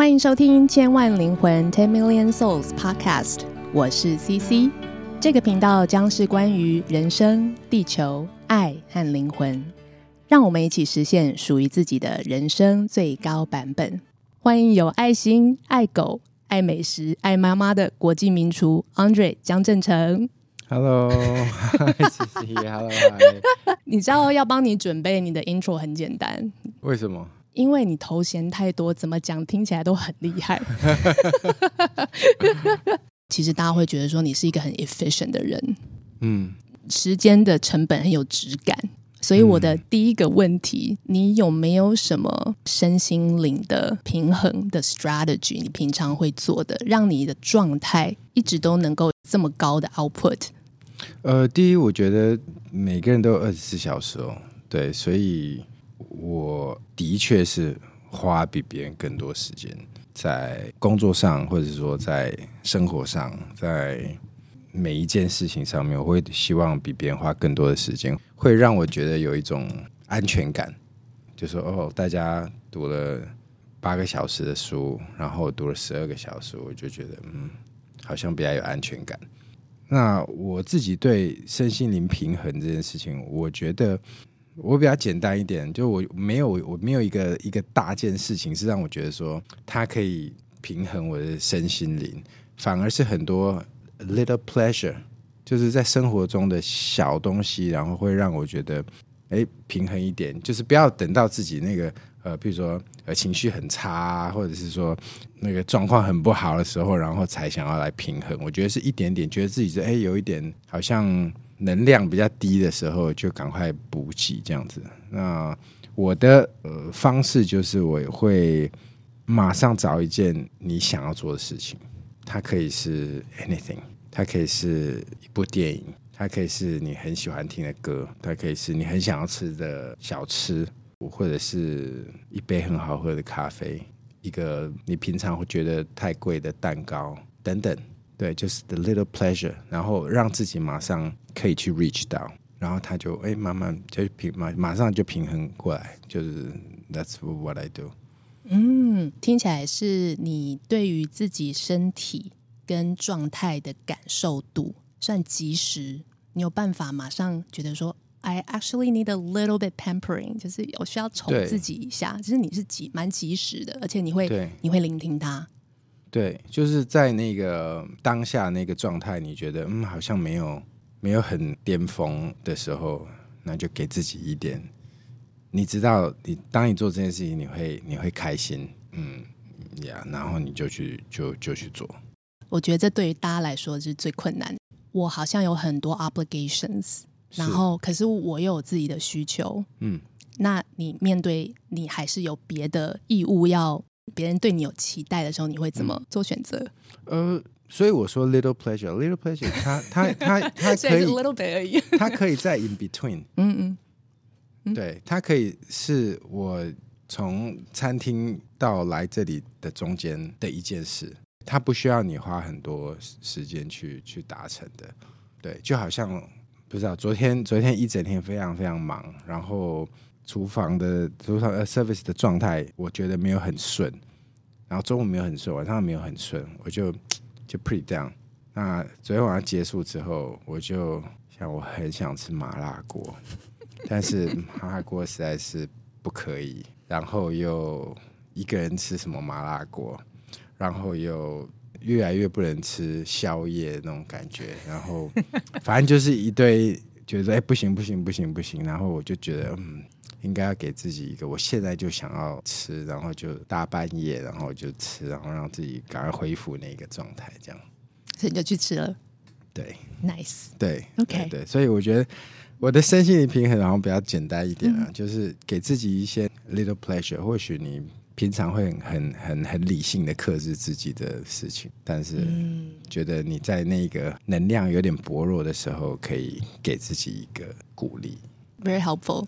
歡迎收聽《千萬靈魂 Ten Million Souls》Podcast，我是 CC。這個頻道將是關於人生、地球、愛和靈魂，讓我們一起實現屬於自己的人生最高版本。歡迎有愛心、愛狗、愛美食、愛媽媽的國際名廚 Andre 江振誠。Hello，CC，Hello，Hello, 你知道要幫你準備你的 intro 很簡單，為什麼？因為你頭銜太多，怎麼講聽起來都很厲害。 其實大家會覺得說你是一個很 efficient 的人，嗯，時間的成本很有質感。所以我的第一個問題，嗯、你有沒有什麼身心靈的平衡的 strategy？你平常會做的，讓你的狀態一直都能夠這麼高的 output？呃，第一，我覺得每個人都有二十四小時哦，對，所以。我的確是花比別人更多時間在工作上，或者說在生活上，在每一件事情上面，我會希望比別人花更多的時間，會讓我覺得有一種安全感。就說哦，大家讀了八個小時的書，然後讀了十二個小時，我就覺得嗯，好像比較有安全感。那我自己對身心靈平衡這件事情，我覺得。我比較簡單一點，就我沒有我沒有一個一個大件事情是讓我覺得說它可以平衡我的身心靈，反而是很多 little pleasure，就是在生活中的小東西，然後會讓我覺得、欸、平衡一點，就是不要等到自己那個呃，比如說情緒很差，啊，或者是說那個狀況很不好的時候，然後才想要來平衡。我覺得是一點點，覺得自己是、欸、有一點好像。能量比較低的時候，就趕快補給這樣子。那我的呃方式就是，我也會馬上找一件你想要做的事情。它可以是 anything，它可以是一部電影，它可以是你很喜歡聽的歌，它可以是你很想要吃的小吃，或者是一杯很好喝的咖啡，一個你平常會覺得太貴的蛋糕等等。對，就是 the little pleasure，然後讓自己馬上可以去 reach down，然後他就哎，慢慢就平，馬馬上就平衡過來，就是 that's what I do。嗯，聽起來是你對於自己身體跟狀態的感受度算及時，你有辦法馬上覺得說，I actually need a little bit pampering，就是我需要寵自己一下。其實對你是及蠻及時的，而且你會對你會聆聽他。對，就是在那個當下那個狀態，你覺得嗯，好像沒有沒有很巔峰的時候，那就給自己一點，你知道，你當你做這件事情，你會你會開心，嗯呀，yeah, 然後你就去就就去做。我覺得這對於大家來說是最困難。我好像有很多 obligations，是然後可是我又有自己的需求，嗯，那你面對你還是有別的義務要，別人對你有期待的時候，你會怎麼做選擇？嗯、呃，所以我說 little pleasure, little pleasure，little pleasure，他，他，他，他，可以 little bit 而已，他可以在 in between，嗯嗯，對，他可以是我從餐廳到來這裡的中間的一件事，他不需要你花很多時間去去達成的，對，就好像不知道昨天昨天一整天非常非常忙，然後。廚房的廚房呃 service 的狀態，我覺得沒有很順，然後中午沒有很順，晚上沒有很順，我就就 pretty down。那昨天晚上結束之後，我就想我很想吃麻辣鍋，但是麻辣鍋實在是不可以，然後又一個人吃什麼麻辣鍋，然後又越來越不能吃宵夜那種感覺，然後反正就是一堆。覺得哎、欸、不行不行不行不行，然後我就覺得嗯，應該要給自己一個，我現在就想要吃，然後就大半夜，然後就吃，然後讓自己趕快恢復那個狀態，這樣。所以你就去吃了？對，nice。對，OK。對，對，所以我覺得我的身心靈平衡，然後比較簡單一點啊，嗯、就是給自己一些 little pleasure。或許你。平常會很很,很理性的克制自己的事情，但是覺得你在那個能量有點薄弱的時候，可以給自己一個鼓勵。Very helpful，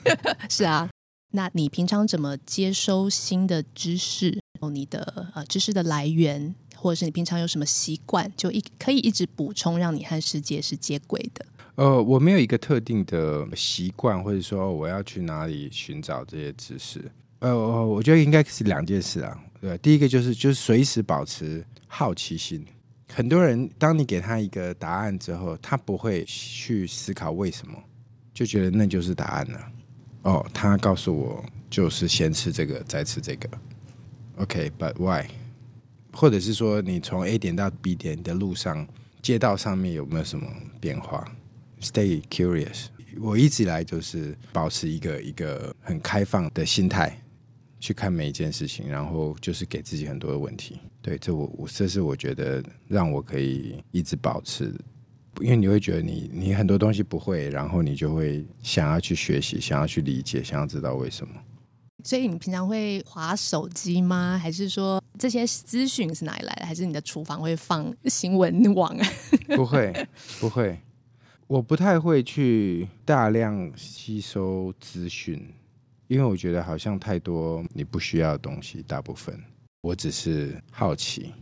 是啊。 那你平常怎麼接收新的知識？哦，你的呃知識的來源，或者是你平常有什麼習慣，就一可以一直補充，讓你和世界是接軌的。呃，我沒有一個特定的習慣，或者說我要去哪裡尋找這些知識。呃、哦，我覺得應該是兩件事啊。對，第一個就是就是隨時保持好奇心。很多人，當你給他一個答案之後，他不會去思考為什麼，就覺得那就是答案了。哦，他告訴我就是先吃這個，再吃這個。OK, but why? 或者是說，你從 A 點到 B 點的路上，街道上面有沒有什麼變化？Stay curious。我一直來就是保持一個一個很開放的心態。去看每一件事情，然後就是給自己很多的問題。對，這我我這是我覺得讓我可以一直保持，因為你會覺得你你很多東西不會，然後你就會想要去學習，想要去理解，想要知道為什麼。所以你平常會滑手機嗎？還是說這些資訊是哪裡來的？還是你的廚房會放新聞網？ 不會，不會，我不太會去大量吸收資訊。因為我覺得好像太多你不需要的東西，大部分我只是好奇。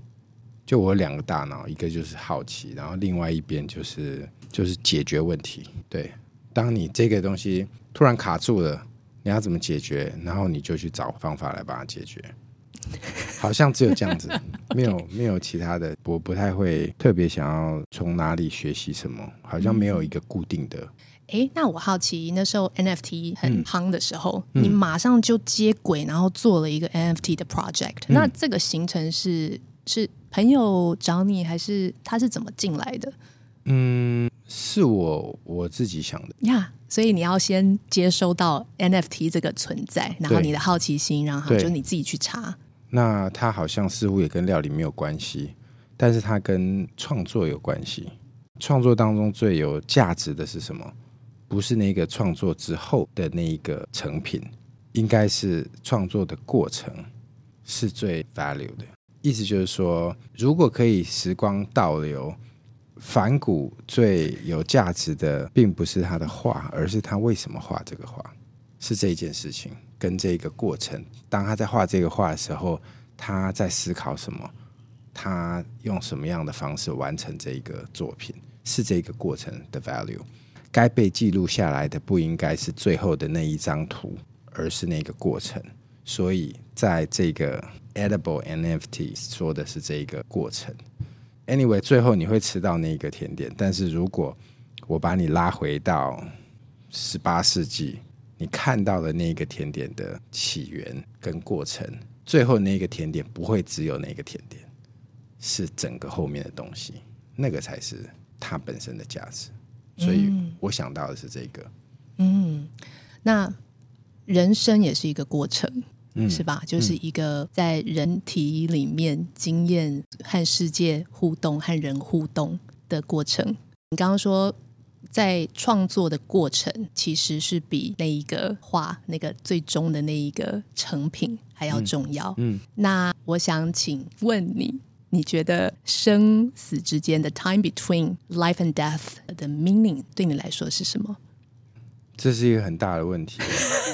就我兩個大腦，一個就是好奇，然後另外一邊就是就是解決問題。對，當你這個東西突然卡住了，你要怎麼解決？然後你就去找方法來把它解決。 好像只有這樣子，沒有沒有其他的。我不太會特別想要從哪裡學習什麼，好像沒有一個固定的。嗯哎、欸，那我好奇那時候 NFT 很夯的時候，嗯嗯、你馬上就接軌，然後做了一個 NFT 的 project、嗯。那這個行程是是朋友找你，還是他是怎麼進來的？嗯，是我我自己想的呀。Yeah, 所以你要先接收到 NFT 這個存在，然後你的好奇心，然後就你自己去查。那他好像似乎也跟料理沒有關係，但是他跟創作有關係。創作當中最有價值的是什麼？不是那個創作之後的那一個成品，應該是創作的過程是最 value 的。意思就是說，如果可以時光倒流，梵谷最有價值的，並不是他的畫，而是他為什麼畫這個畫，是這件事情跟這個過程。當他在畫這個畫的時候，他在思考什麼，他用什麼樣的方式完成這一個作品，是這個過程的 value。該被記錄下來的不應該是最後的那一張圖，而是那個過程。所以，在這個 edible NFT 說的是這一個過程。Anyway，最後你會吃到那一個甜點，但是如果我把你拉回到十八世紀，你看到的那一個甜點的起源跟過程，最後那個甜點不會只有那個甜點，是整個後面的東西，那個才是它本身的價值。所以我想到的是這個，嗯，嗯，那人生也是一個過程，嗯，是吧？就是一個在人體裡面經驗和世界互動、和人互動的過程。你剛剛說，在創作的過程，其實是比那一個畫那個最終的那一個成品還要重要。嗯，嗯，那我想請問你。你覺得生死之間的 time between life and death 的 meaning 對你來說是什麼？這是一個很大的問題。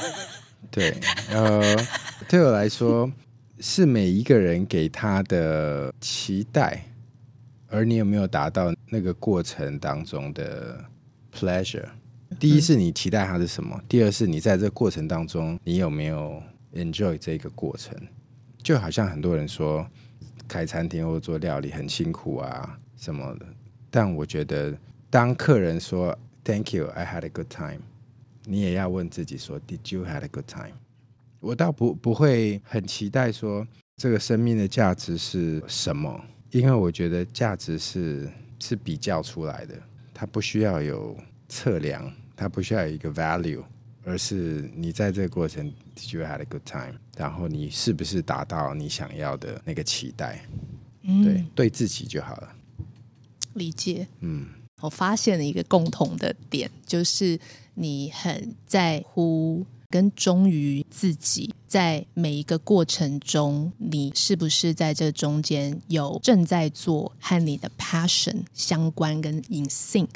對，呃，對我來說 是每一個人給他的期待，而你有沒有達到那個過程當中的 pleasure？嗯，第一是你期待他是什麼，第二是你在這個過程當中你有沒有 enjoy 這個過程？就好像很多人說，開餐廳或者做料理很辛苦啊，什麼的。但我覺得，當客人說 “Thank you, I had a good time”，你也要問自己說 “Did you had a good time？” 我倒不不會很期待說這個生命的價值是什麼，因為我覺得價值是是比較出來的，它不需要有測量，它不需要有一個 value。而是你在這個過程，Did you have a good time？然後你是不是達到你想要的那個期待？嗯，對，對自己就好了。理解。嗯，我發現了一個共同的點，就是你很在乎跟忠於自己，在每一個過程中，你是不是在這中間有正在做和你的 passion 相關跟 in sync。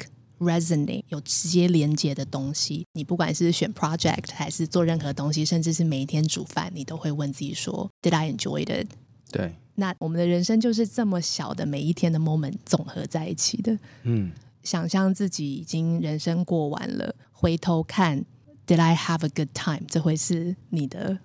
Resonate 有直接連接的東西，你不管是選 project 還是做任何東西，甚至是每一天煮飯，你都會問自己說：Did I enjoy it？對。那我們的人生就是這麼小的每一天的 moment 總和在一起的。嗯。想象自己已經人生過完了，回頭看：Did I have a good time？這會是你的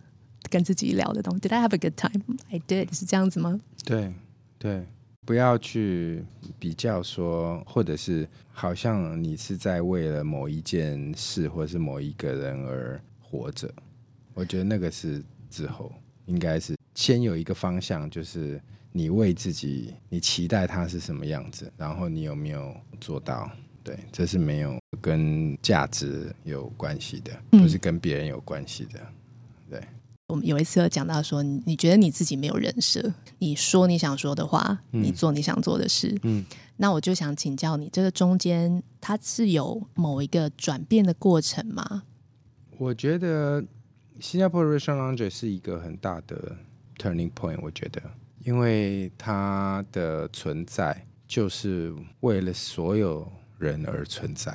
跟自己聊的東西。Did I have a good time？I did。是這樣子嗎？對，對。不要去比較說，或者是好像你是在為了某一件事或是某一個人而活着。我覺得那個是之後應該是先有一個方向，就是你為自己，你期待它是什麼樣子，然後你有沒有做到？對，這是沒有跟價值有關係的，不是跟別人有關係的，嗯、對。我們有一次講到說，你覺得你自己沒有人設，你說你想說的話，嗯、你做你想做的事，嗯，那我就想請教你，這個中間它是有某一個轉變的過程嗎？我覺得新加坡的 Restaurant ANDRE 是一個很大的 turning point，我覺得，因為它的存在就是為了所有人而存在。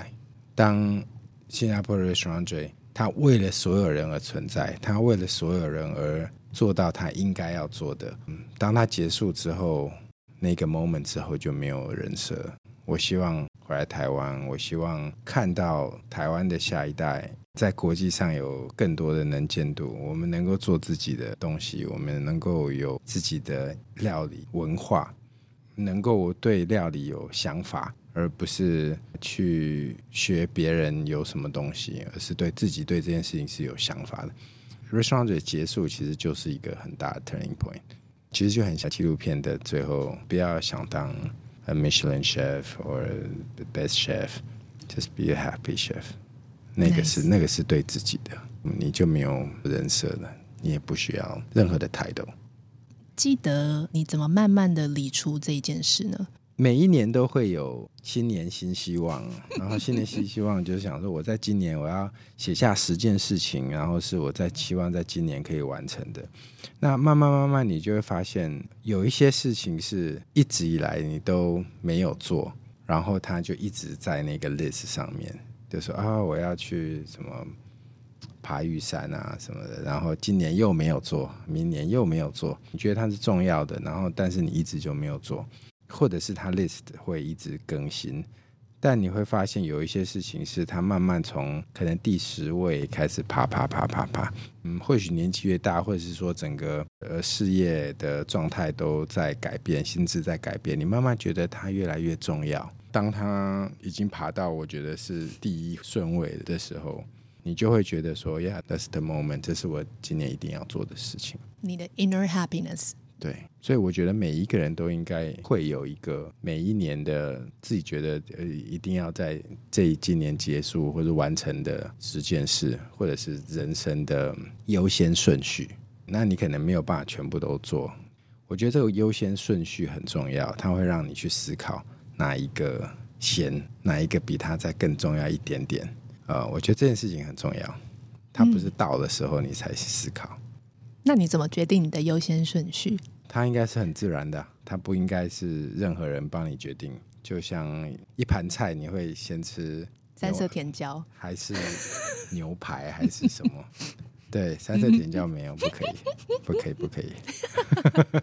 當新加坡的 Restaurant ANDRE 他為了所有人而存在，他為了所有人而做到他應該要做的。嗯，當他結束之後，那個 moment 之後就沒有人設。我希望回來台灣，我希望看到台灣的下一代在國際上有更多的能見度。我們能夠做自己的東西，我們能夠有自己的料理文化，能夠對料理有想法。而不是去學別人有什麼東西，而是對自己對這件事情是有想法的。Restaurant 的結束其實就是一個很大的 turning point，其實就很像紀錄片的最後，不要想當 a Michelin chef or the best chef，just be a happy chef。Nice. 那個是那個是對自己的，你就沒有人設了，你也不需要任何的 title。記得你怎麼慢慢的理出這一件事呢？每一年都會有新年新希望，然後新年新希望就是想說，我在今年我要寫下十件事情，然後是我在期望在今年可以完成的。那慢慢慢慢，你就會發現有一些事情是一直以來你都沒有做，然後它就一直在那個 list 上面，就說啊，我要去什麼爬玉山啊什麼的，然後今年又沒有做，明年又沒有做，你覺得它是重要的，然後但是你一直就沒有做。或者是他 list 會一直更新，但你會發現有一些事情是他慢慢從可能第十位開始爬爬爬爬爬，嗯，或許年紀越大，或者是說整個呃事業的狀態都在改變，心智在改變，你慢慢覺得他越來越重要。當他已經爬到我覺得是第一順位的時候，你就會覺得說呀，yeah，That's the moment，這是我今年一定要做的事情。你的 inner happiness。對，所以我覺得每一個人都應該會有一個每一年的自己覺得呃一定要在這一今年結束或者完成的十件事，或者是人生的優先順序。那你可能沒有辦法全部都做，我覺得這個優先順序很重要，它會讓你去思考哪一個先，哪一個比它再更重要一點點。呃，我覺得這件事情很重要，它不是到的時候你才去思考。嗯，那你怎麼決定你的優先順序？它應該是很自然的，它不應該是任何人幫你決定。就像一盤菜，你會先吃三色甜椒，還是牛排，還是什麼？ 對，三色甜椒沒有，不可以，不可以，不可以。不可以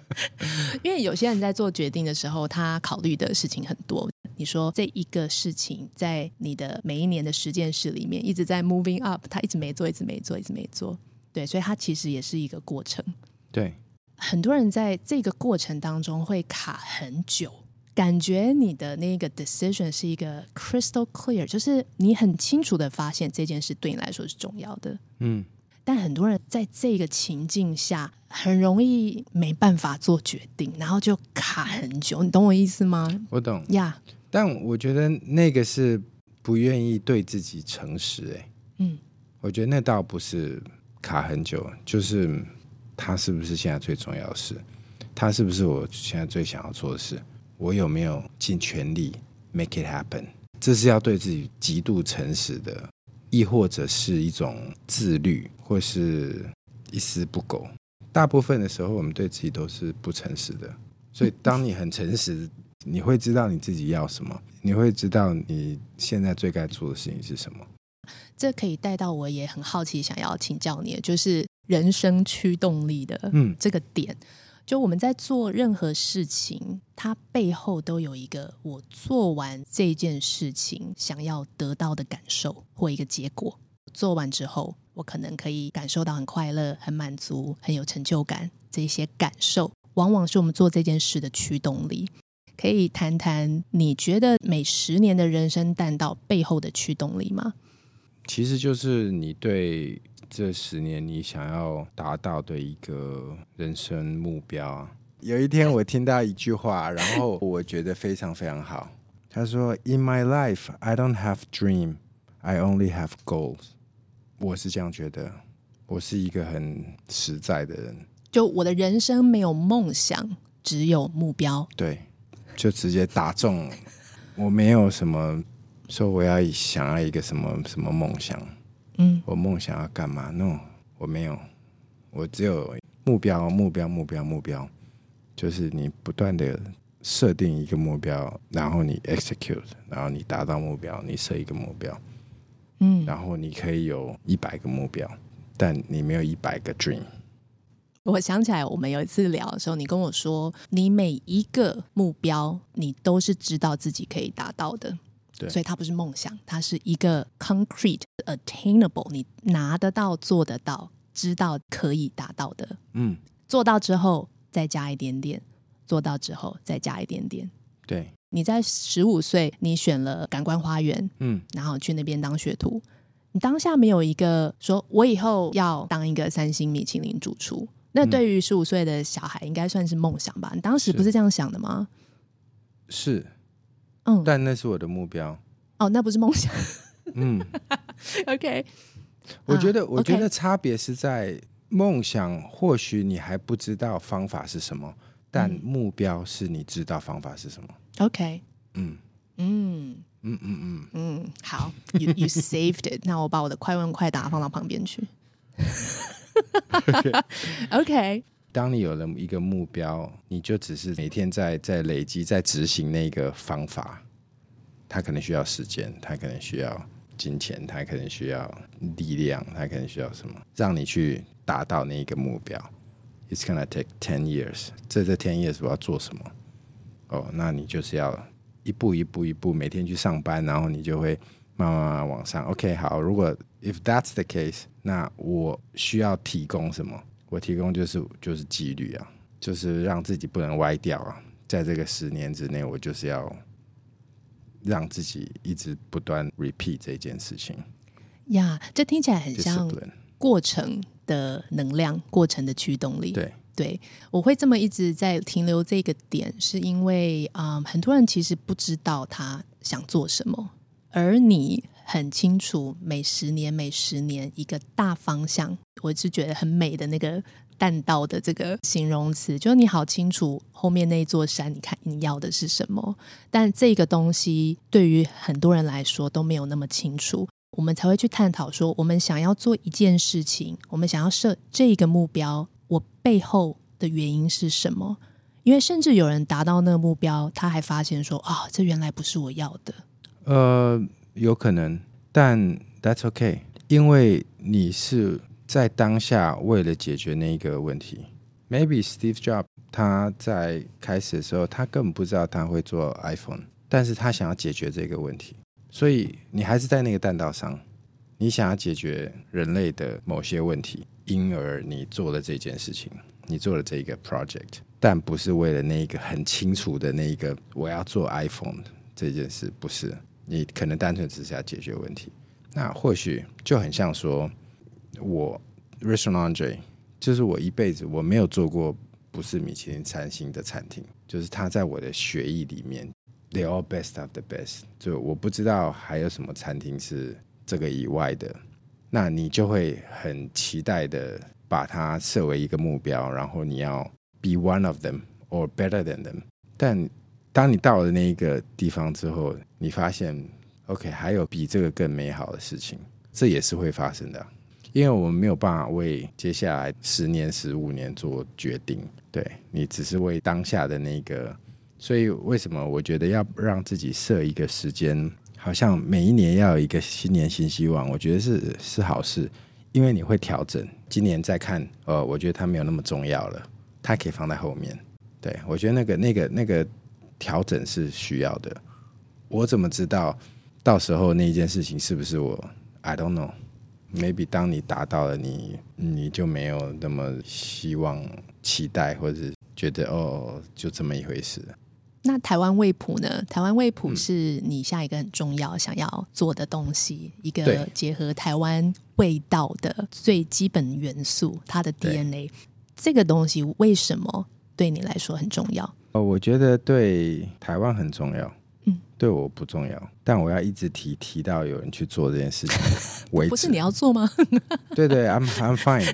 因為有些人在做決定的時候，他考慮的事情很多。你說這一個事情，在你的每一年的十件事裡面，一直在 moving up，他一直,一直沒做，一直沒做，一直沒做。對，所以它其實也是一個過程。對。很多人在這個過程當中會卡很久，感覺你的那個 decision 是一個 crystal clear，就是你很清楚的發現這件事對你來說是重要的。嗯，但很多人在這個情境下很容易沒辦法做決定，然後就卡很久。你懂我意思嗎？我懂呀。Yeah 但我覺得那個是不願意對自己誠實欸。哎，嗯，我覺得那倒不是卡很久，就是。他是不是現在最重要的事？他是不是我現在最想要做的事？我有沒有盡全力 make it happen？這是要對自己極度誠實的，亦或者是一種自律，或是一絲不苟。大部分的時候，我們對自己都是不誠實的。所以，當你很誠實，你會知道你自己要什麼，你會知道你現在最該做的事情是什麼。這可以帶到我也很好奇，想要請教你的，就是人生驅動力的嗯這個點。就我們在做任何事情，它背後都有一個我做完這件事情想要得到的感受或一個結果。做完之後，我可能可以感受到很快樂、很滿足、很有成就感，這些感受往往是我們做這件事的驅動力。可以談談你覺得每十年的人生彈道背後的驅動力嗎？其實就是你對這十年你想要達到的一個人生目標。有一天我聽到一句話，然後我覺得非常非常好。他說：“In my life, I don't have dream, I only have goals。”我是這樣覺得，我是一個很實在的人。就我的人生沒有夢想，只有目標。對，就直接打中了 我，沒有什麼。說、so, 我要想要一個什麼什麼夢想？嗯，我夢想要幹嘛？那、no, 我沒有，我只有目標，目標，目標，目標，就是你不斷的設定一個目標，然後你 execute，然後你達到目標，你設一個目標，嗯，然後你可以有一百個目標，但你沒有一百個 dream。我想起來，我們有一次聊的時候，你跟我說，你每一個目標，你都是知道自己可以達到的。對所以它不是夢想，它是一個 concrete attainable，你拿得到、做得到、知道可以達到的。嗯，做到之後再加一點點，做到之後再加一點點。對，你在十五歲，你選了感官花園，嗯，然後去那邊當學徒。你當下沒有一個說我以後要當一個三星米其林主廚，那對於十五歲的小孩，應該算是夢想吧？你當時不是這樣想的嗎？是。是嗯，但那是我的目標。哦，那不是夢想。 嗯 ，OK。我覺得，uh, okay. 我覺得差別是在夢想，或許你還不知道方法是什麼，但目標是你知道方法是什麼。OK。嗯嗯嗯嗯嗯嗯，好，You you saved it。 那我把我的快問快答放到旁邊去。 OK。Okay. 當你有了一個目標，你就只是每天在在累積、在執行那個方法。它可能需要時間，它可能需要金錢，它可能需要力量，它可能需要什麼，讓你去達到那一個目標。It's gonna take ten years。這這 ten years 我要做什麼？哦，那你就是要一步一步一步，每天去上班，然後你就會慢慢慢慢往上。OK，好，如果 if that's the case，那我需要提供什麼？我提供就是就是紀律啊，就是讓自己不能歪掉啊。在這個十年之內，我就是要讓自己一直不斷 repeat 這件事情呀。Yeah, 這聽起來很像過程的能量，過程的驅動力。對對，我會這麼一直在停留這個點，是因為啊，嗯，很多人其實不知道他想做什麼，而你。很清楚，每十年、每十年一個大方向，我是覺得很美的那個彈道的這個形容詞，就你好清楚後面那一座山，你看你要的是什麼？但這個東西對於很多人來說都沒有那麼清楚，我們才會去探討說，我們想要做一件事情，我們想要設這個目標，我背後的原因是什麼？因為甚至有人達到那個目標，他還發現說：“啊、哦，這原來不是我要的。”呃。有可能，但 that's okay，因為你是在當下為了解決那一個問題。Maybe Steve Jobs，他在開始的時候，他根本不知道他會做 iPhone，但是他想要解決這個問題，所以你還是在那個彈道上，你想要解決人類的某些問題，因而你做了這件事情，你做了這一個 project，但不是為了那一個很清楚的那一個我要做 iPhone 這件事，不是。你可能單純只是要解決問題，那或許就很像說，我 French Laundry 就是我一輩子我沒有做過不是米其林三星的餐廳，就是它在我的血液裡面，they all best of the best，就我不知道還有什麼餐廳是這個以外的，那你就會很期待的把它設為一個目標，然後你要 be one of them or better than them，但當你到了那一個地方之後，你發現，OK，還有比這個更美好的事情，這也是會發生的，因為我們沒有辦法為接下來十年、十五年做決定。對，你只是為當下的那個，所以為什麼我覺得要讓自己設一個時間，好像每一年要有一個新年新希望，我覺得是是好事，因為你會調整，今年再看，呃，我覺得它沒有那麼重要了，它可以放在後面。對，我覺得那個那個那個調整是需要的。我怎麼知道到時候那一件事情是不是我？I don't know. Maybe 當你達到了你，你就沒有那麼希望、期待，或者是覺得哦，就這麼一回事。那台灣味譜呢？台灣味譜是你下一個很重要、想要做的東西，嗯、一個結合台灣味道的最基本元素，它的 DNA。對這個東西為什麼對你來說很重要？哦，我覺得對台灣很重要。嗯，對我不重要，但我要一直提，提到有人去做這件事情為止我， 不是你要做嗎？ 對對，I'm I'm fine，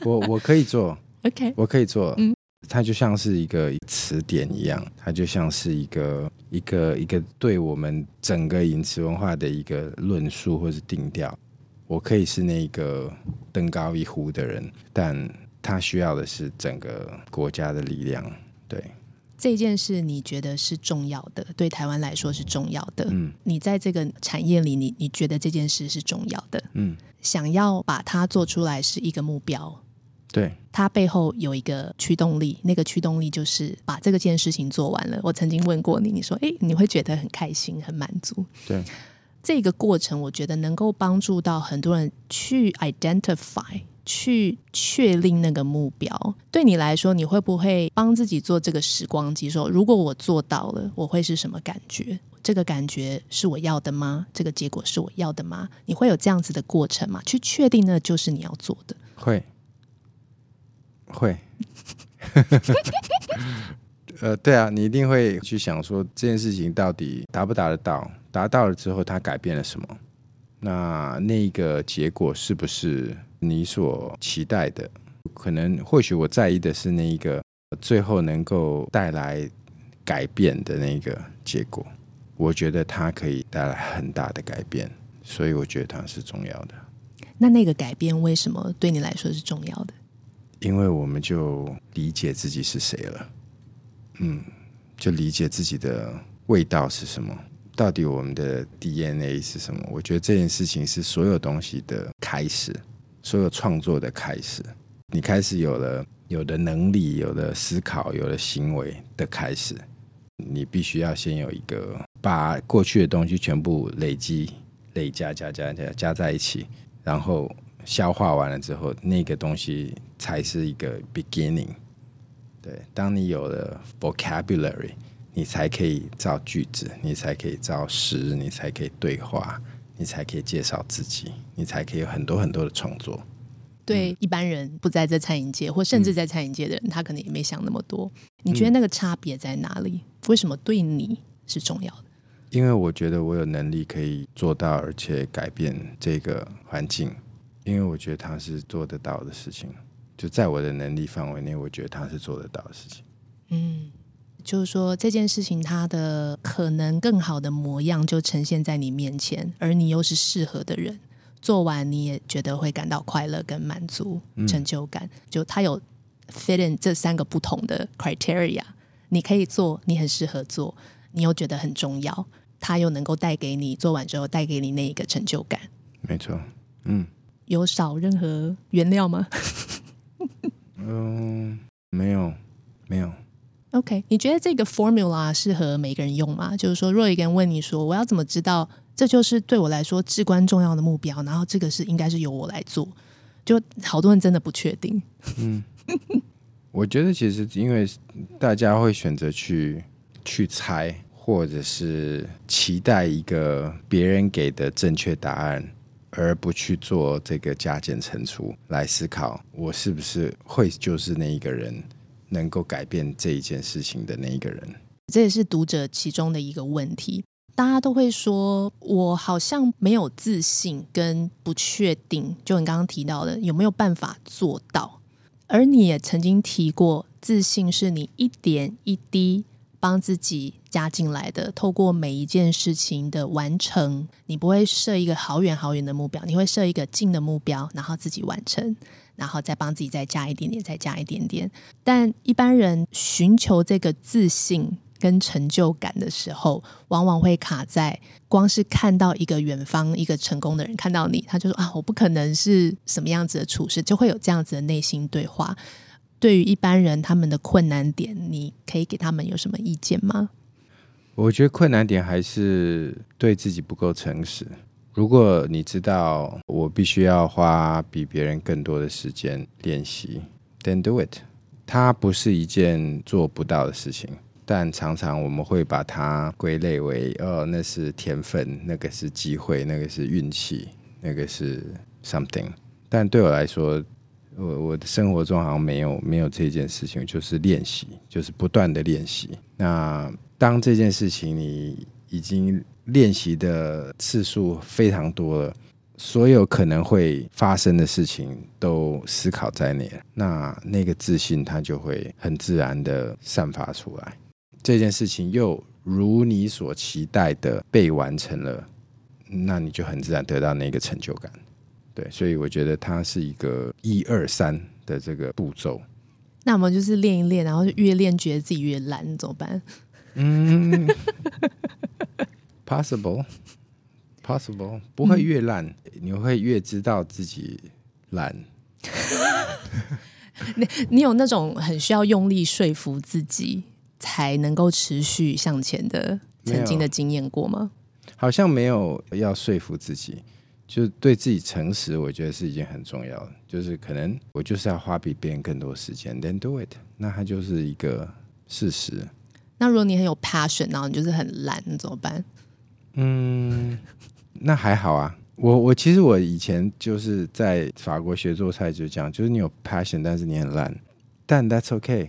我我可以做，OK，我可以做。Okay. 我可以做嗯，它就像是一個詞典一樣，它就像是一個一個一個對我們整個飲食文化的一個論述或是定調。我可以是那個登高一呼的人，但他需要的是整個國家的力量。對。這件事你覺得是重要的，對台灣來說是重要的。嗯，你在這個產業裡，你你覺得這件事是重要的。嗯，想要把它做出來是一個目標，對，它背後有一個驅動力，那個驅動力就是把這個件事情做完了。我曾經問過你，你說，哎，欸，你會覺得很開心、很滿足。對，這個過程，我覺得能夠幫助到很多人去 identify。去確定那個目標，對你來說，你會不會幫自己做這個時光機？說，如果我做到了，我會是什麼感覺？這個感覺是我要的嗎？這個結果是我要的嗎？你會有這樣子的過程嗎？去確定，那就是你要做的。會，會， 呃，對啊，你一定會去想說這件事情到底達不達得到？達到了之後，它改變了什麼？那那個結果是不是？你所期待的，可能或許我在意的是那一個最後能夠帶來改變的那個結果。我覺得它可以帶來很大的改變，所以我覺得它是重要的。那那個改變為什麼對你來說是重要的？因為我們就理解自己是誰了，嗯，就理解自己的味道是什麼，到底我們的 DNA 是什麼？我覺得這件事情是所有東西的開始。所有創作的開始，你開始有了有了能力，有了思考，有了行為的開始，你必須要先有一個把過去的東西全部累積、累加、加加加加，加在一起，然後消化完了之後，那個東西才是一個 beginning。對，當你有了 vocabulary，你才可以造句子，你才可以造詩，你才可以對話。你才可以介紹自己，你才可以有很多很多的創作。對、嗯、一般人不在這餐飲界，或甚至在餐飲界的人，嗯、他可能也沒想那麼多。你覺得那個差別在哪裡？嗯、為什麼對你是重要的？因為我覺得我有能力可以做到，而且改變這個環境。因為我覺得他是做得到的事情，就在我的能力範圍內，我覺得他是做得到的事情。嗯。就是說，這件事情，它的可能更好的模樣就呈現在你面前，而你又是適合的人，做完你也覺得會感到快樂跟滿足，嗯、成就感。就它有 fit in 這三個不同的 criteria，你可以做，你很適合做，你又覺得很重要，它又能夠帶給你做完之後帶給你那一個成就感。沒錯，嗯，有少任何原料嗎？嗯 、呃，沒有，沒有。OK，你覺得這個 formula 適合每個人用嗎？就是說，若一個人問你說：“我要怎麼知道這就是對我來說至關重要的目標？”然後這個是應該是由我來做，就好多人真的不確定。嗯， 我覺得其實因為大家會選擇去去猜，或者是期待一個別人給的正確答案，而不去做這個加減乘除來思考，我是不是會就是那一個人。能夠改變這一件事情的那一個人，這也是讀者其中的一個問題。大家都會說，我好像沒有自信跟不確定。就你剛剛提到的，有沒有辦法做到？而你也曾經提過，自信是你一點一滴幫自己加進來的。透過每一件事情的完成，你不會設一個好遠好遠的目標，你會設一個近的目標，然後自己完成。然後再幫自己再加一點點，再加一點點。但一般人尋求這個自信跟成就感的時候，往往會卡在光是看到一個遠方一個成功的人，看到你，他就說啊，我不可能是什麼樣子的處事，就會有這樣子的內心對話。對於一般人他們的困難點，你可以給他們有什麼意見嗎？我覺得困難點還是對自己不夠誠實。如果你知道我必須要花比別人更多的時間練習，then do it。它不是一件做不到的事情，但常常我們會把它歸類為哦，那是天分，那個是機會，那個是運氣，那個是 something。但對我來說，我我的生活中好像沒有沒有這件事情，就是練習，就是不斷的練習。那當這件事情你已經。練習的次數非常多了，所有可能會發生的事情都思考在內，那那個自信它就會很自然的散發出來。這件事情又如你所期待的被完成了，那你就很自然得到那個成就感。對，所以我覺得它是一個一二三的這個步驟。那我們就是練一練，然後就越練覺得自己越懶，你怎麼辦？嗯。 Possible, possible 不會越爛，嗯、你會越知道自己懶。 你你有那種很需要用力說服自己才能夠持續向前的曾經的經驗過嗎？好像沒有，要說服自己就對自己誠實，我覺得是一件很重要的。就是可能我就是要花比別人更多時間 then do it，那它就是一個事實。那如果你很有 passion，然後你就是很懶，那怎麼辦？嗯，那還好啊。我我其實我以前就是在法國學做菜，就這樣，就是你有 passion，但是你很爛，但 that's okay，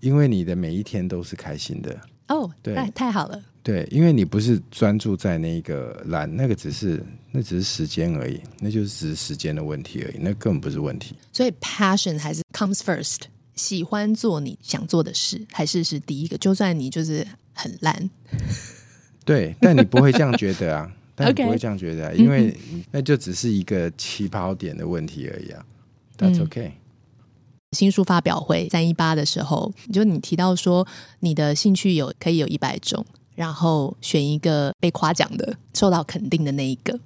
因為你的每一天都是開心的。哦，對，太，太好了。對，因為你不是專注在那個爛，那個只是那只是時間而已，那就是只是時間的問題而已，那根本不是問題。所以 passion 還是 comes first，喜歡做你想做的事，還是是第一個。就算你就是很爛。 對，但你不會這樣覺得啊， 但你不會這樣覺得啊，Okay. 因為那就只是一個起跑點的問題而已啊。That's okay. 嗯，新書發表會三一八的時候，就你提到說你的興趣有可以有一百種，然後選一個被誇獎的、受到肯定的那一個，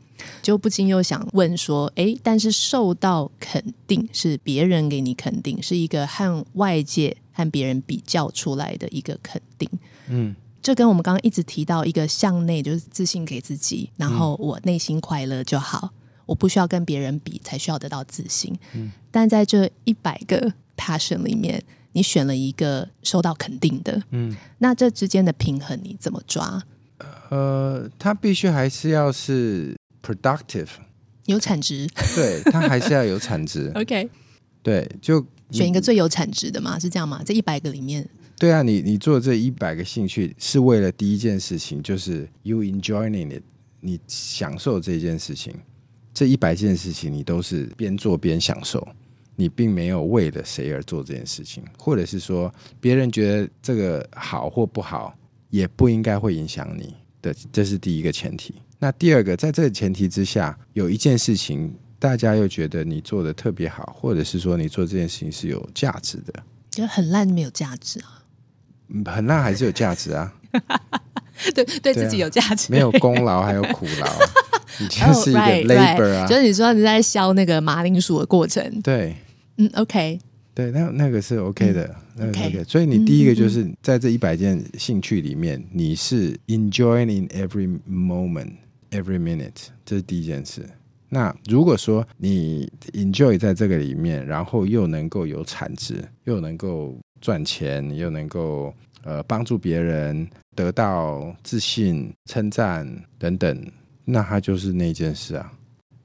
就不禁又想問說：哎，但是受到肯定是別人給你肯定，是一個和外界和別人比較出來的一個肯定，嗯。就跟我們剛剛一直提到一個向內，就是自信給自己，然後我內心快樂就好，嗯、我不需要跟別人比，才需要得到自信。嗯，但在這一百個 passion 裡面，你選了一個受到肯定的，嗯，那這之間的平衡你怎麼抓？呃，他必須還是要是 productive，有產值，對，他還是要有產值。 OK，對，就選一個最有產值的嘛，是這樣嗎？這一百個裡面。對啊，你你做這一百個興趣是為了第一件事情，就是 you enjoying it，你享受這件事情。這一百件事情你都是邊做邊享受，你並沒有為了誰而做這件事情，或者是說別人覺得這個好或不好，也不應該會影響你的。這是第一個前提。那第二個，在這個前提之下，有一件事情大家又覺得你做的特別好，或者是說你做這件事情是有價值的。就很爛沒有價值啊。很那還是有價值啊，對，對自己有價值，沒有功勞還有苦勞，啊，你就是一個 labor 啊，就是你說你在削那個馬鈴薯的過程，對，嗯，OK，對，那那個是 OK 的那個那個，所以你第一個就是在這一百件興趣裡面，你是 enjoying every moment every minute，這是第一件事。那如果說你 enjoy 在這個裡面，然後又能夠有產值，又能夠。賺錢，又能夠呃幫助別人，得到自信、稱讚等等，那它就是那一件事啊。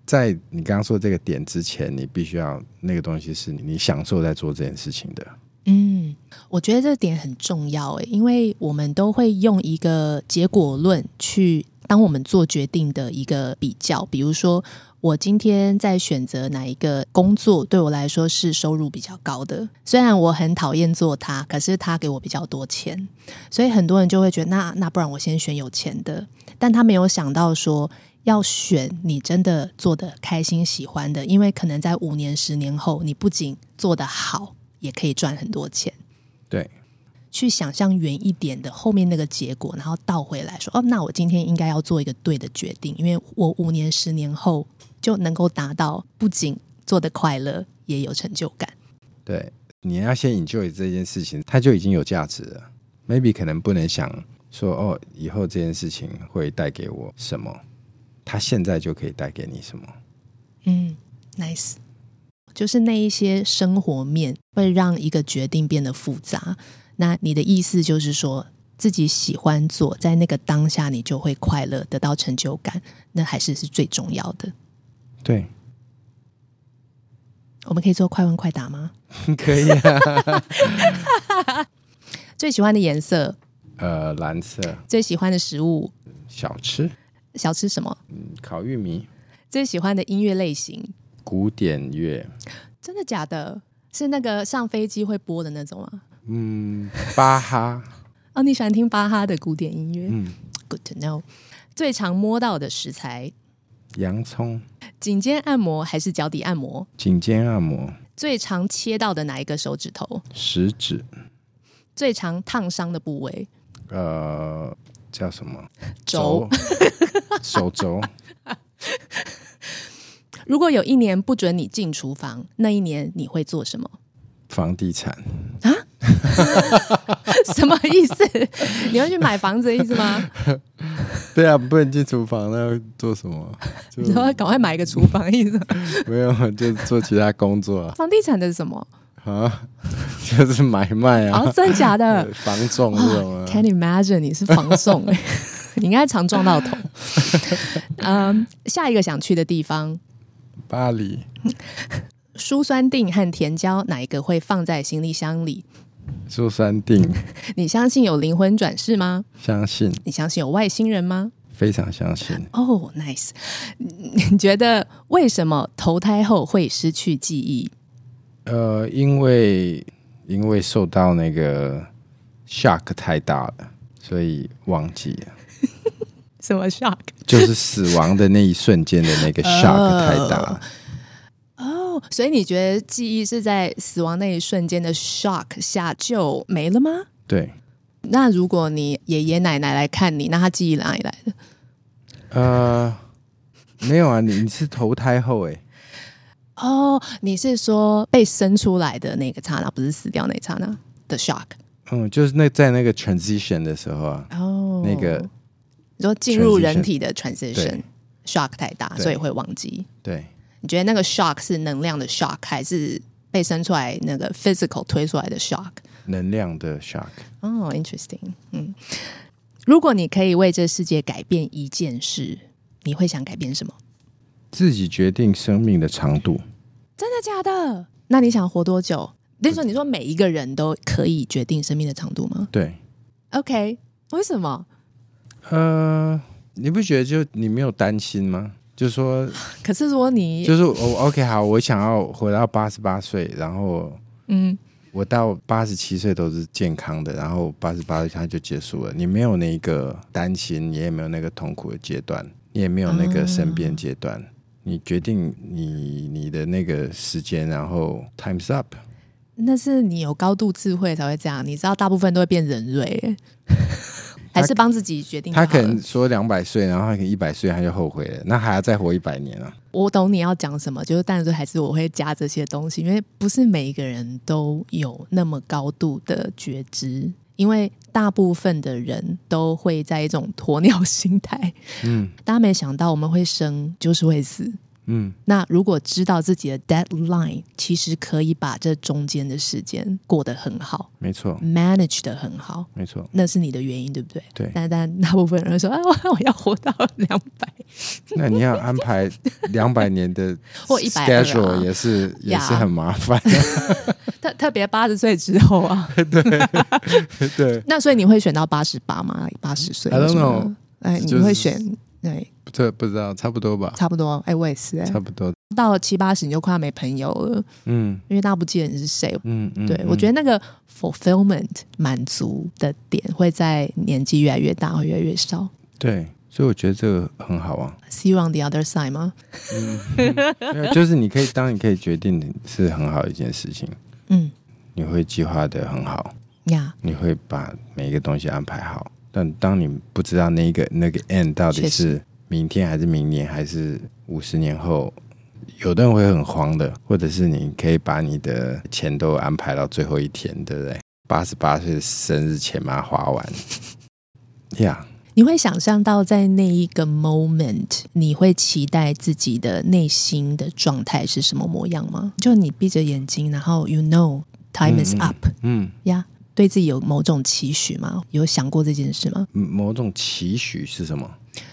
在你剛剛說這個點之前，你必須要那個東西是你，享受在做這件事情的。嗯，我覺得這個點很重要誒、欸，因為我們都會用一個結果論去當我們做決定的一個比較，比如說。我今天在選擇哪一個工作，對我來說是收入比較高的。雖然我很討厭做他，可是他給我比較多錢，所以很多人就會覺得，那那不然我先選有錢的。但他沒有想到說，要選你真的做得開心、喜歡的，因為可能在五年、十年後，你不僅做得好，也可以賺很多錢。對。去想象遠一點的後面那個結果，然後倒回來說，哦，那我今天應該要做一個對的決定，因為我五年、十年後就能夠達到，不僅做得快樂，也有成就感。對，你要先 enjoy 這件事情，它就已經有價值了。Maybe 可能不能想說，哦，以後這件事情會帶給我什麼，它現在就可以帶給你什麼。嗯，nice，就是那一些生活面會讓一個決定變得複雜。那你的意思就是說自己喜歡做，在那個當下你就會快樂，得到成就感，那還是是最重要的。對，我們可以做快問快答嗎？ 可以啊。 最喜歡的顏色，呃，藍色。最喜歡的食物，小吃。小吃什麼？嗯，烤玉米。最喜歡的音樂類型，古典樂。真的假的？是那個上飛機會播的那種嗎？嗯，巴哈哦，你喜歡聽巴哈的古典音樂？嗯，Good to know。最常摸到的食材，洋蔥。頸肩按摩還是腳底按摩？頸肩按摩。最常切到的哪一個手指頭？食指。最常燙傷的部位？呃，叫什麼？肘，手肘。如果有一年不准你進廚房，那一年你會做什麼？房地產啊。 什麼意思？你要去買房子的意思嗎？ 對啊，不能進廚房，那要做什麼？你要趕快買一個廚房， 意思？ 沒有，就做其他工作啊。房地產的是什麼啊？就是買賣啊。哦，真的假的？ 房仲啊 oh,，Can imagine，你是房仲欸， 你應該常撞到頭。 嗯，下一個想去的地方，巴黎。舒 酸定和甜椒哪一個會放在行李箱裡？朱三定， 你相信有靈魂轉世嗎？相信。你相信有外星人嗎？非常相信。哦、oh,，nice。你覺得為什麼投胎後會失去記憶？呃，因為因為受到那個 shock 太大了，所以忘記了。 什麼 shock？就是死亡的那一瞬間的那個 shock 太大了。 哦所以你覺得記憶是在死亡那一瞬間的 shock 下就沒了嗎？對。那如果你爺爺奶奶來看你，那他記憶哪裡來的？呃，沒有啊，你 你是投胎後哎。哦，oh, 你是說被生出來的那個剎那，不是死掉那剎那的 shock？嗯，就是那在那個 transition 的時候啊。哦。Oh, 那個 transition, 你說進入人體的 transition 對 shock 太大，對所以會忘記。對。你覺得那個 shock 是能量的 shock 還是被生出來那個 physical 推出來的 shock？能量的 shock。哦，interesting。嗯，如果你可以為這世界改變一件事，你會想改變什麼？自己決定生命的長度。真的假的？那你想活多久？例如說，你說每一個人都可以決定生命的長度嗎？對。OK，為什麼？呃，你不覺得就你沒有擔心嗎？就是，就是說，可是如果你就是我 OK 好，我想要回到八十八歲，然後嗯，我到八十七歲都是健康的，然後八十八歲現在就結束了。你沒有那個擔心，你也沒有那個痛苦的階段，你也沒有那個生病階段。嗯、你決定你你的那個時間，然後 time's up。那是你有高度智慧才會這樣，你知道，大部分都會變人瑞、欸。 還是幫自己決定。他可能說兩百歲，然後他可能一百歲，他就後悔了，那還要再活一百年了啊。我懂你要講什麼，就是但是還是我會加這些東西，因為不是每一個人都有那麼高度的覺知，因為大部分的人都會在一種鴕鳥心態。嗯，大家沒想到我們會生，就是會死。嗯，那如果知道自己的 deadline，其實可以把這中間的時間過得很好，沒錯，manage 得很好，沒錯，那是你的原因，對不對？對，但但大部分人會說啊，我要活到兩百，那你要安排兩百年的，一百，schedule 也是也是很麻煩，特特別八十歲之後啊，對對，那所以你會選到八十八嗎？八十歲？I don't know，哎，你會選對。這不知道，差不多吧。差不多，哎，我也是。差不多。到了七八十你就快要沒朋友了。嗯。因為大家不記得你是誰。嗯嗯。對，我覺得那個 fulfillment 滿足的點會在年紀越來越大，會越來越少。對，所以我覺得這個很好啊。See you on the other side 嗎？嗯，沒有，就是你可以，當你可以決定是很好的一件事情。嗯。你會計劃得很好。呀。你會把每一個東西安排好，但當你不知道那個那個 end 到底是。明天還是明年還是五十年後，有的人會很慌的，或者是你可以把你的錢都安排到最後一天，對不對？八十八歲生日錢嘛，花完。呀 Yeah .，你會想象到在那一個 moment，你會期待自己的內心的狀態是什麼模樣嗎？就你閉着眼睛，然後 you know time is up，嗯，呀、嗯，yeah. 對自己有某種期許嗎？有想過這件事嗎？某種期許是什麼？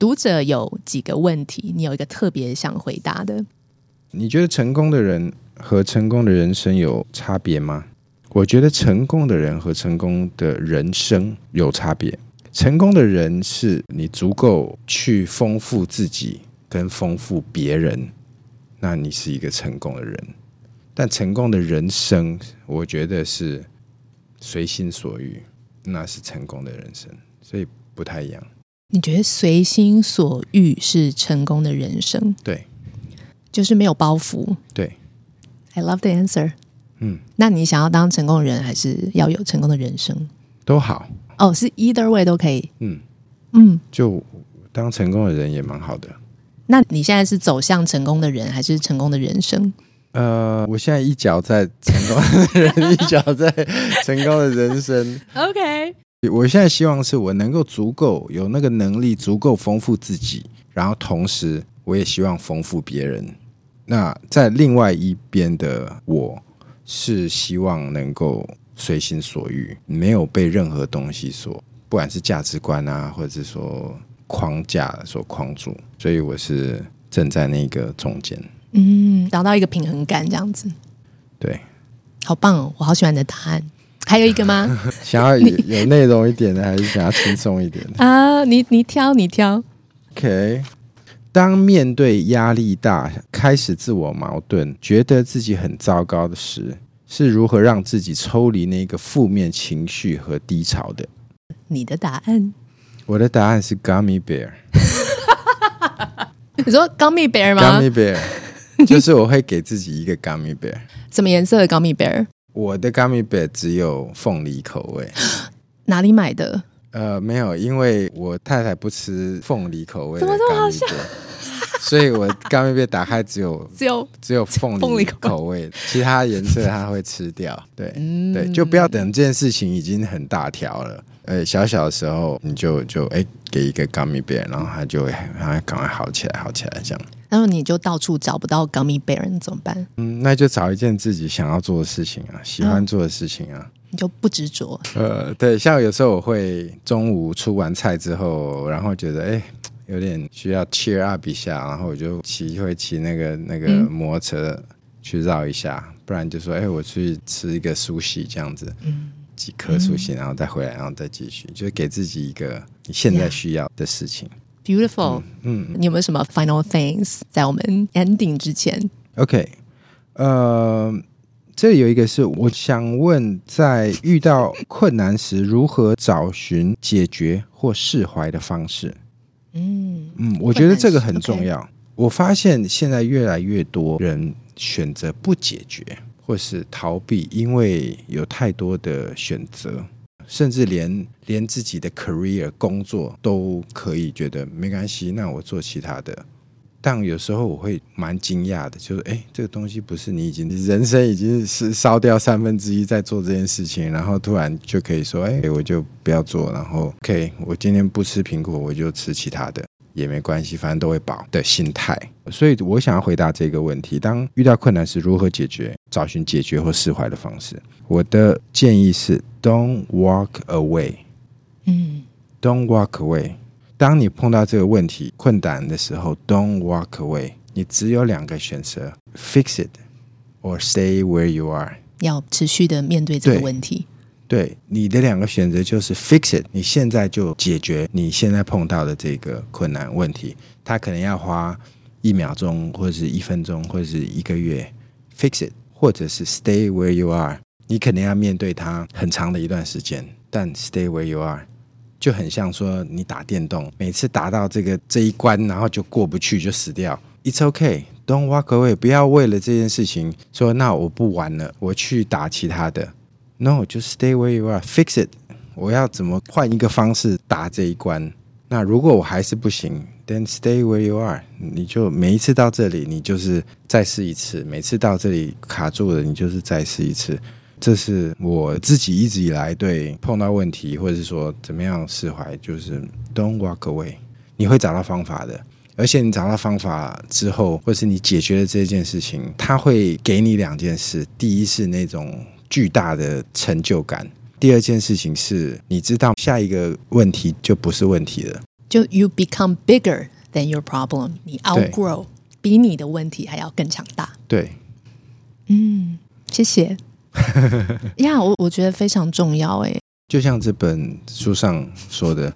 讀者有幾個問題，你有一個特別想回答的。你覺得成功的人和成功的人生有差別嗎？我覺得成功的人和成功的人生有差別。成功的人是你足夠去豐富自己跟豐富別人，那你是一個成功的人。但成功的人生，我覺得是隨心所欲，那是成功的人生。所以不太一樣。你覺得隨心所欲是成功的人生？對，就是沒有包袱。對，I love the answer。嗯，那你想要當成功的人，還是要有成功的人生？都好。哦，oh, 是 either way 都可以。嗯嗯，嗯，就當成功的人也蠻好的。那你現在是走向成功的人，還是成功的人生？呃，我現在一腳在成功的人， 一腳在成功的人生。 OK。我現在希望是我能夠足夠有那個能力，足夠豐富自己，然後同時我也希望豐富別人。那在另外一邊的我是希望能夠隨心所欲，沒有被任何東西所，不管是價值觀啊，或者是說框架所框住。所以我是站在那個中間，嗯，找到一個平衡感這樣子。對，好棒哦，我好喜歡你的答案。還有一個嗎？ 想要有內容一點的，還是想要輕鬆一點的啊？Uh, 你你挑，你挑。OK，當面對壓力大、開始自我矛盾、覺得自己很糟糕的時，是如何讓自己抽離那個負面情緒和低潮的？你的答案？我的答案是 Gummy Bear。 你說 Gummy Bear 嗎？Gummy Bear，就是我會給自己一個 Gummy Bear。 什麼顏色的 Gummy Bear？我的咖咪餅只有鳳梨口味，哪裡買的？呃，沒有，因為我太太不吃鳳梨口味的咖咪餅，怎麼這麼好笑？所以我咖咪餅打開只有只有只有鳳梨口味， 其他顏色他會吃掉。對、嗯、對，就不要等這件事情已經很大條了，呃、欸，小小的時候你就就哎、欸、給一個咖咪餅，然後他就他趕快好起來，好起來這樣。然後你就到處找不到 Gummy Bear 你怎麼辦？嗯，那就找一件自己想要做的事情啊，喜歡做的事情啊。啊你就不執着。呃，對，像有時候我會中午出完菜之後，然後覺得哎有點需要 cheer up 一下，然後我就騎會騎那個那個摩托車去繞一下，嗯、不然就說哎我去吃一個 sushi 這樣子，嗯、幾顆 sushi，然後再回來，然後再繼續，嗯、就是給自己一個你現在需要的事情。Yeah. Beautiful，嗯，嗯，你有沒有什麼 final things 在我們 ending 之前？OK，呃，這裡有一個是我想問，在遇到困難時，如何找尋解決或釋懷的方式？嗯嗯，我覺得這個很重要。Okay、我發現現在越來越多人選擇不解決或是逃避，因為有太多的選擇。甚至連連自己的 career 工作都可以覺得沒關係，那我做其他的。但有時候我會蠻驚訝的，就是哎，這個東西不是你已經人生已經是燒掉三分之一在做這件事情，然後突然就可以說哎，我就不要做，然後 OK，我今天不吃蘋果，我就吃其他的。也沒關係，反正都會飽的心態。所以我想要回答這個問題：當遇到困難時，如何解決？找尋解決或釋懷的方式。我的建議是：Don't walk away。嗯，Don't walk away。當你碰到這個問題、困難的時候，Don't walk away。你只有兩個選擇：fix it or stay where you are。要持續的面對這個問題。對，你的兩個選擇就是 fix it，你現在就解決你現在碰到的這個困難問題，它可能要花一秒鐘或者是一分鐘或者是一個月 fix it，或者是 stay where you are，你可能要面對它很長的一段時間。但 stay where you are 就很像說你打電動，每次打到這個這一關，然後就過不去就死掉。It's okay，don't walk away，不要為了這件事情說那我不玩了，我去打其他的。No，just stay where you are，fix it。我要怎麼換一個方式打這一關？那如果我還是不行，then stay where you are。你就每一次到這裡，你就是再試一次；每次到這裡卡住了，你就是再試一次。這是我自己一直以來對碰到問題，或者說怎麼樣釋懷，就是 don't walk away。你會找到方法的，而且你找到方法之後，或是你解決了這件事情，它會給你兩件事：第一是那種，巨大的成就感。第二件事情是，你知道下一個問題就不是問題了。就 you become bigger than your problem，你 outgrow，對比你的問題還要更強大。對，嗯，謝謝。呀 yeah，我我覺得非常重要哎。就像這本書上說的，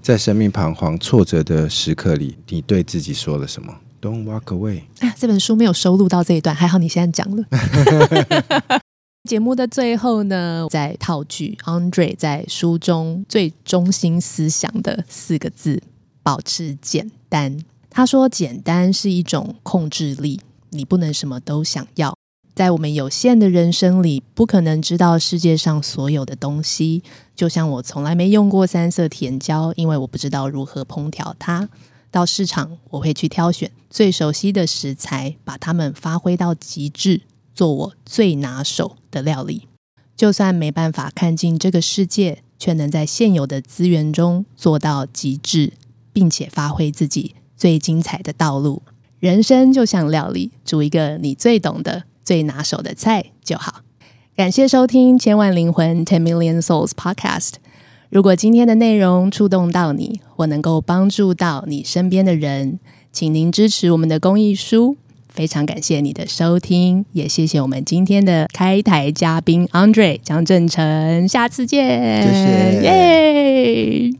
在生命彷徨、挫折的時刻裡，你對自己說了什麼 ？Don't walk away。啊，這本書沒有收錄到這一段，還好你現在講了。 節目的最後呢，在套句 Andre 在書中最中心思想的四個字：保持簡單。他說，簡單是一種控制力，你不能什麼都想要。在我們有限的人生裡，不可能知道世界上所有的東西。就像我從來沒用過三色甜椒，因為我不知道如何烹調它。到市場，我會去挑選最熟悉的食材，把它們發揮到極致。做我最拿手的料理，就算沒辦法看盡這個世界，卻能在現有的資源中做到極致，並且發揮自己最精彩的道路。人生就像料理，煮一個你最懂的、最拿手的菜就好。感謝收聽《千萬靈魂 Ten Million Souls Podcast》。如果今天的內容觸動到你，我能夠幫助到你身邊的人，請您支持我們的公益書。非常感謝你的收聽，也謝謝我們今天的開台嘉賓 Andre 江振誠，下次見，謝謝，耶。Yeah!